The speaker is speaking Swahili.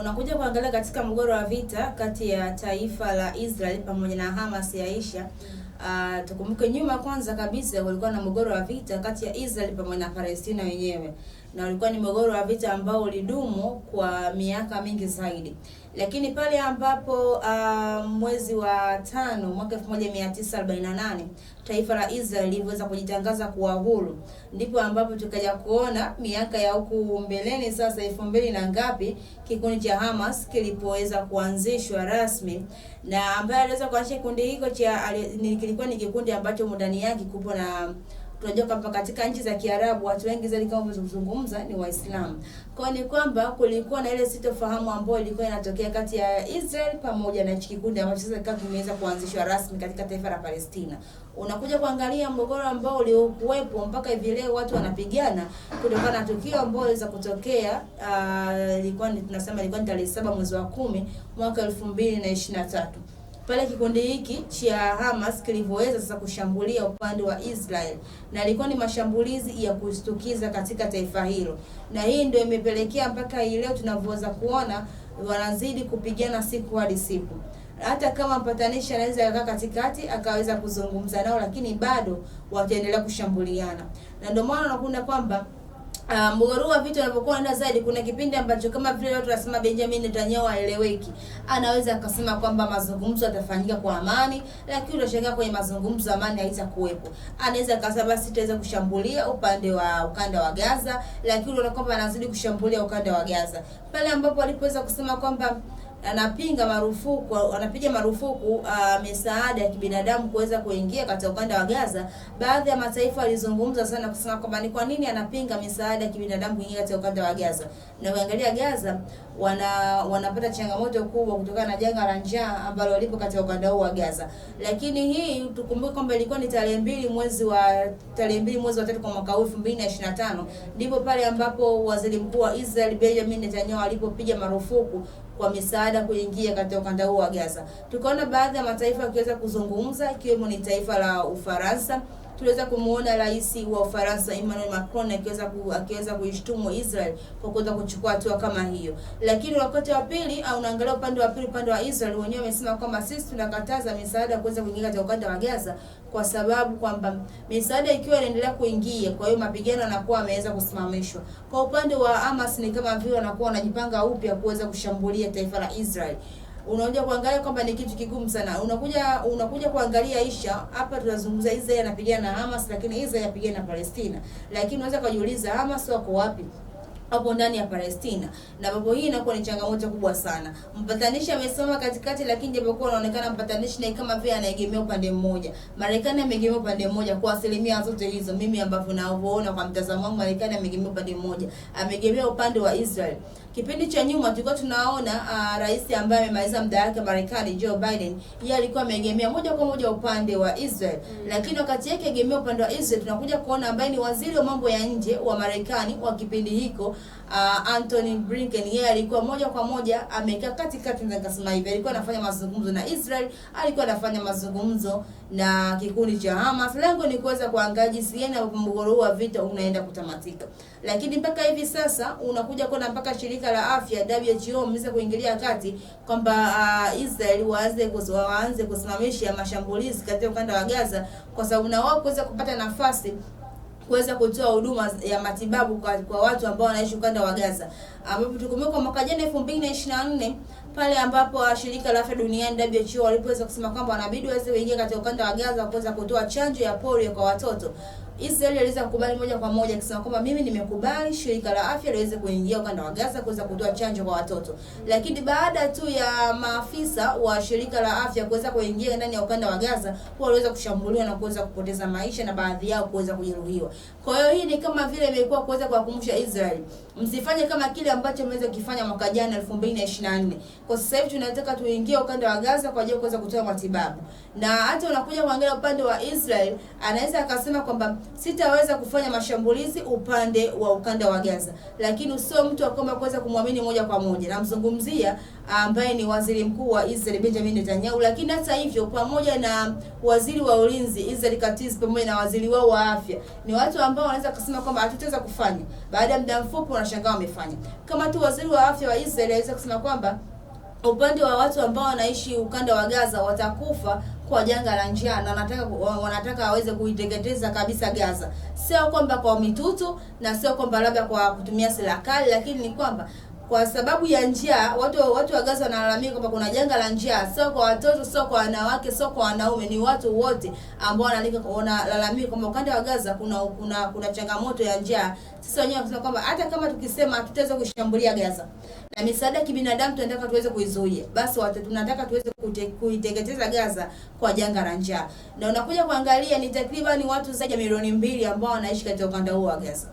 unakuja kuangalia katika mgogoro wa vita kati ya taifa la Israel pamoja na Hamas ya Isha mm. Uh, tukumbuke nyuma kwanza kabisa kulikuwa na mgogoro wa vita kati ya Israel pamoja na Palestina wenyewe, na ulikuwa ni mgogoro wa vita ambao ulidumu kwa miaka mingi zaidi, lakini pale ambapo uh, mwezi wa tano mwaka 1948 taifa la Israel liliweza kujitangaza kuwa huru, ndipo ambapo tukaja kuona miaka ya huku mbeleni, sasa elfu mbili na ngapi, kikundi cha Hamas kilipoweza kuanzishwa rasmi, na ambaye aliweza kuanzisha kikundi hicho cha kilikuwa ni kikundi ambacho mudani yake kubwa na tunajua kwamba katika nchi za Kiarabu watu wengi zaidi kama zungumza ni Waislamu. Kwa ni kwamba kulikuwa na ile sitofahamu ambayo ilikuwa inatokea kati ya Israel pamoja na nchi kikundi ambacho sasa kama kimeweza kuanzishwa rasmi katika taifa la Palestina. Unakuja kuangalia mgogoro ambao uliokuwepo mpaka hivi leo watu wanapigana kutokana na tukio ambalo liweza kutokea ah, ilikuwa uh, tunasema ilikuwa ni tarehe 7 mwezi wa 10 mwaka 2023 pale kikundi hiki cha Hamas kilivyoweza sasa kushambulia upande wa Israel, na ilikuwa ni mashambulizi ya kushtukiza katika taifa hilo, na hii ndio imepelekea mpaka hii leo tunavyoweza kuona wanazidi kupigana siku hadi siku hata kama mpatanishi anaweza kukaa katikati akaweza kuzungumza nao, lakini bado wataendelea kushambuliana, na ndio maana unakuta kwamba Uh, ah, mgorua vitu anapokuwa anaenda zaidi, kuna kipindi ambacho kama vile watu wanasema Benjamin Netanyahu aeleweki, anaweza akasema kwamba mazungumzo yatafanyika kwa amani, lakini unashangaa kwenye mazungumzo amani haitakuwepo. Anaweza akasema basi itaweza kushambulia upande wa ukanda wa Gaza, lakini unaona kwamba anazidi kushambulia ukanda wa Gaza pale ambapo alipoweza kusema kwamba anapinga marufuku anapiga marufuku uh, misaada ya kibinadamu kuweza kuingia katika ukanda wa Gaza. Baadhi ya mataifa walizungumza sana kusema kwamba ni kwa nini anapinga misaada ya kibinadamu kuingia katika ukanda wa Gaza, na ukiangalia Gaza wana wanapata changamoto kubwa kutokana na janga la njaa ambalo walipo katika ukanda huu wa Gaza. Lakini hii tukumbuke kwamba ilikuwa ni tarehe mbili mwezi wa tarehe mbili mwezi wa tatu kwa mwaka huu 2025 ndipo pale ambapo waziri mkuu wa Israel Benjamin Netanyahu alipopiga marufuku kwa misaada kuingia katika ukanda huo wa Gaza. Tukaona baadhi ya mataifa yakiweza kuzungumza, ikiwemo ni taifa la Ufaransa tuliweza kumwona rais wa Ufaransa Emmanuel Macron akiweza ku, akiweza kuishtumu Israel kwa kuweza kuchukua hatua kama hiyo, lakini wakati wa pili au unaangalia upande wa pili, upande wa Israel wenyewe wamesema kwamba sisi tunakataza misaada kuweza kuingia katika ukanda wa Gaza kwa sababu kwamba misaada ikiwa inaendelea kuingia, kwa hiyo mapigano yanakuwa ameweza kusimamishwa. Kwa upande wa Hamas ni kama vile wanakuwa wanajipanga upya kuweza kushambulia taifa la Israel unakuja kuangalia kwamba ni kitu kigumu sana. Unakuja unakuja kuangalia Aisha, hapa tunazungumza Israel anapigana na Hamas, lakini Israel anapigana na Palestina, lakini unaweza kujiuliza Hamas wako wapi? hapo ndani ya Palestina, na babo hii inakuwa ni changamoto kubwa sana. Mpatanishi amesimama katikati, lakini japokuwa anaonekana mpatanishi na kama vile anaegemea upande mmoja, Marekani amegemea upande mmoja kwa asilimia zote hizo. Mimi ambavyo naoona kwa mtazamo wangu, Marekani amegemea upande mmoja, amegemea upande wa Israel. Kipindi cha nyuma tulikuwa tunaona uh, rais ambaye amemaliza muda wake Marekani, Joe Biden, yeye alikuwa ameegemea moja kwa moja upande wa Israel mm. Lakini wakati yake egemea upande wa Israel, tunakuja kuona ambaye ni waziri wa mambo ya nje wa Marekani wa kipindi hiko uh, Anthony Blinken yeye alikuwa moja kwa moja amekaa katikati, nikasema hivi, alikuwa anafanya mazungumzo na Israel, alikuwa anafanya mazungumzo na kikundi cha Hamas. Lengo ni kuweza kuangaa jinsi gani mgogoro huu wa vita unaenda kutamatika, lakini mpaka hivi sasa unakuja kuona mpaka shirika la afya WHO mmeweza kuingilia kati kwamba uh, Israel waanze waanze kusimamisha mashambulizi katika ukanda wa Gaza kwa sababu na wao kuweza kupata nafasi kuweza kutoa huduma ya matibabu kwa, kwa watu ambao wanaishi ukanda wa Gaza, ambapo tukumbuka mwaka jana 2024 pale ambapo shirika la afya duniani WHO walipoweza kusema kwamba wanabidi waweze kuingia katika ukanda wa Gaza kuweza kutoa chanjo ya polio kwa watoto Israeli aliweza kukubali moja kwa moja akisema kwamba mimi nimekubali shirika la afya liweze kuingia ukanda wa Gaza kuweza kutoa chanjo kwa watoto. Lakini baada tu ya maafisa wa shirika la afya kuweza kuingia ndani ya ukanda wa Gaza, waliweza kushambuliwa na kuweza kupoteza maisha na baadhi yao kuweza kujeruhiwa. Kwa hiyo hii ni kama vile imekuwa kuweza kuwakumbusha Israeli, msifanye kama kile ambacho mmeweza kukifanya mwaka jana 2024. Kwa sasa hivi tunataka tuingie ukanda wa Gaza kwa ajili ya kuweza kutoa matibabu. Na hata unakuja kuangalia upande wa Israel, anaweza akasema kwamba sitaweza kufanya mashambulizi upande wa ukanda wa Gaza, lakini sio mtu akoma kuweza kumwamini moja kwa moja. Namzungumzia ambaye ni waziri mkuu wa Israel Benjamin Netanyahu. Lakini hata hivyo, pamoja na waziri wa ulinzi Israel Katz pamoja na waziri wao wa afya, ni watu ambao wanaweza kusema kwamba hatutaweza kufanya. Baada ya muda mfupi, wanashangaa wamefanya, kama tu waziri wa afya wa Israel aweza kusema kwamba upande wa watu ambao wanaishi ukanda wa Gaza watakufa kwa janga la njaa na wanataka wanataka waweze kuiteketeza kabisa Gaza, sio kwamba kwa mitutu na sio kwamba labda kwa kutumia serikali, lakini ni kwamba kwa sababu ya njaa, watu watu wa Gaza wanalalamika kwamba kuna janga la njaa, sio kwa watoto, sio kwa wanawake, sio kwa wanaume, ni watu wote ambao wanalika wanalalamika kwamba ukanda wa Gaza kuna kuna kuna changamoto ya njaa. Sisi wenyewe tunasema kwamba hata kama tukisema hatutaweza kushambulia Gaza na misaada ya kibinadamu tunataka tuweze kuizuia, basi watu tunataka tuweze kuiteketeza Gaza kwa janga la njaa, na unakuja kuangalia ni takriban watu zaidi ya milioni mbili ambao wanaishi katika ukanda huo wa Gaza.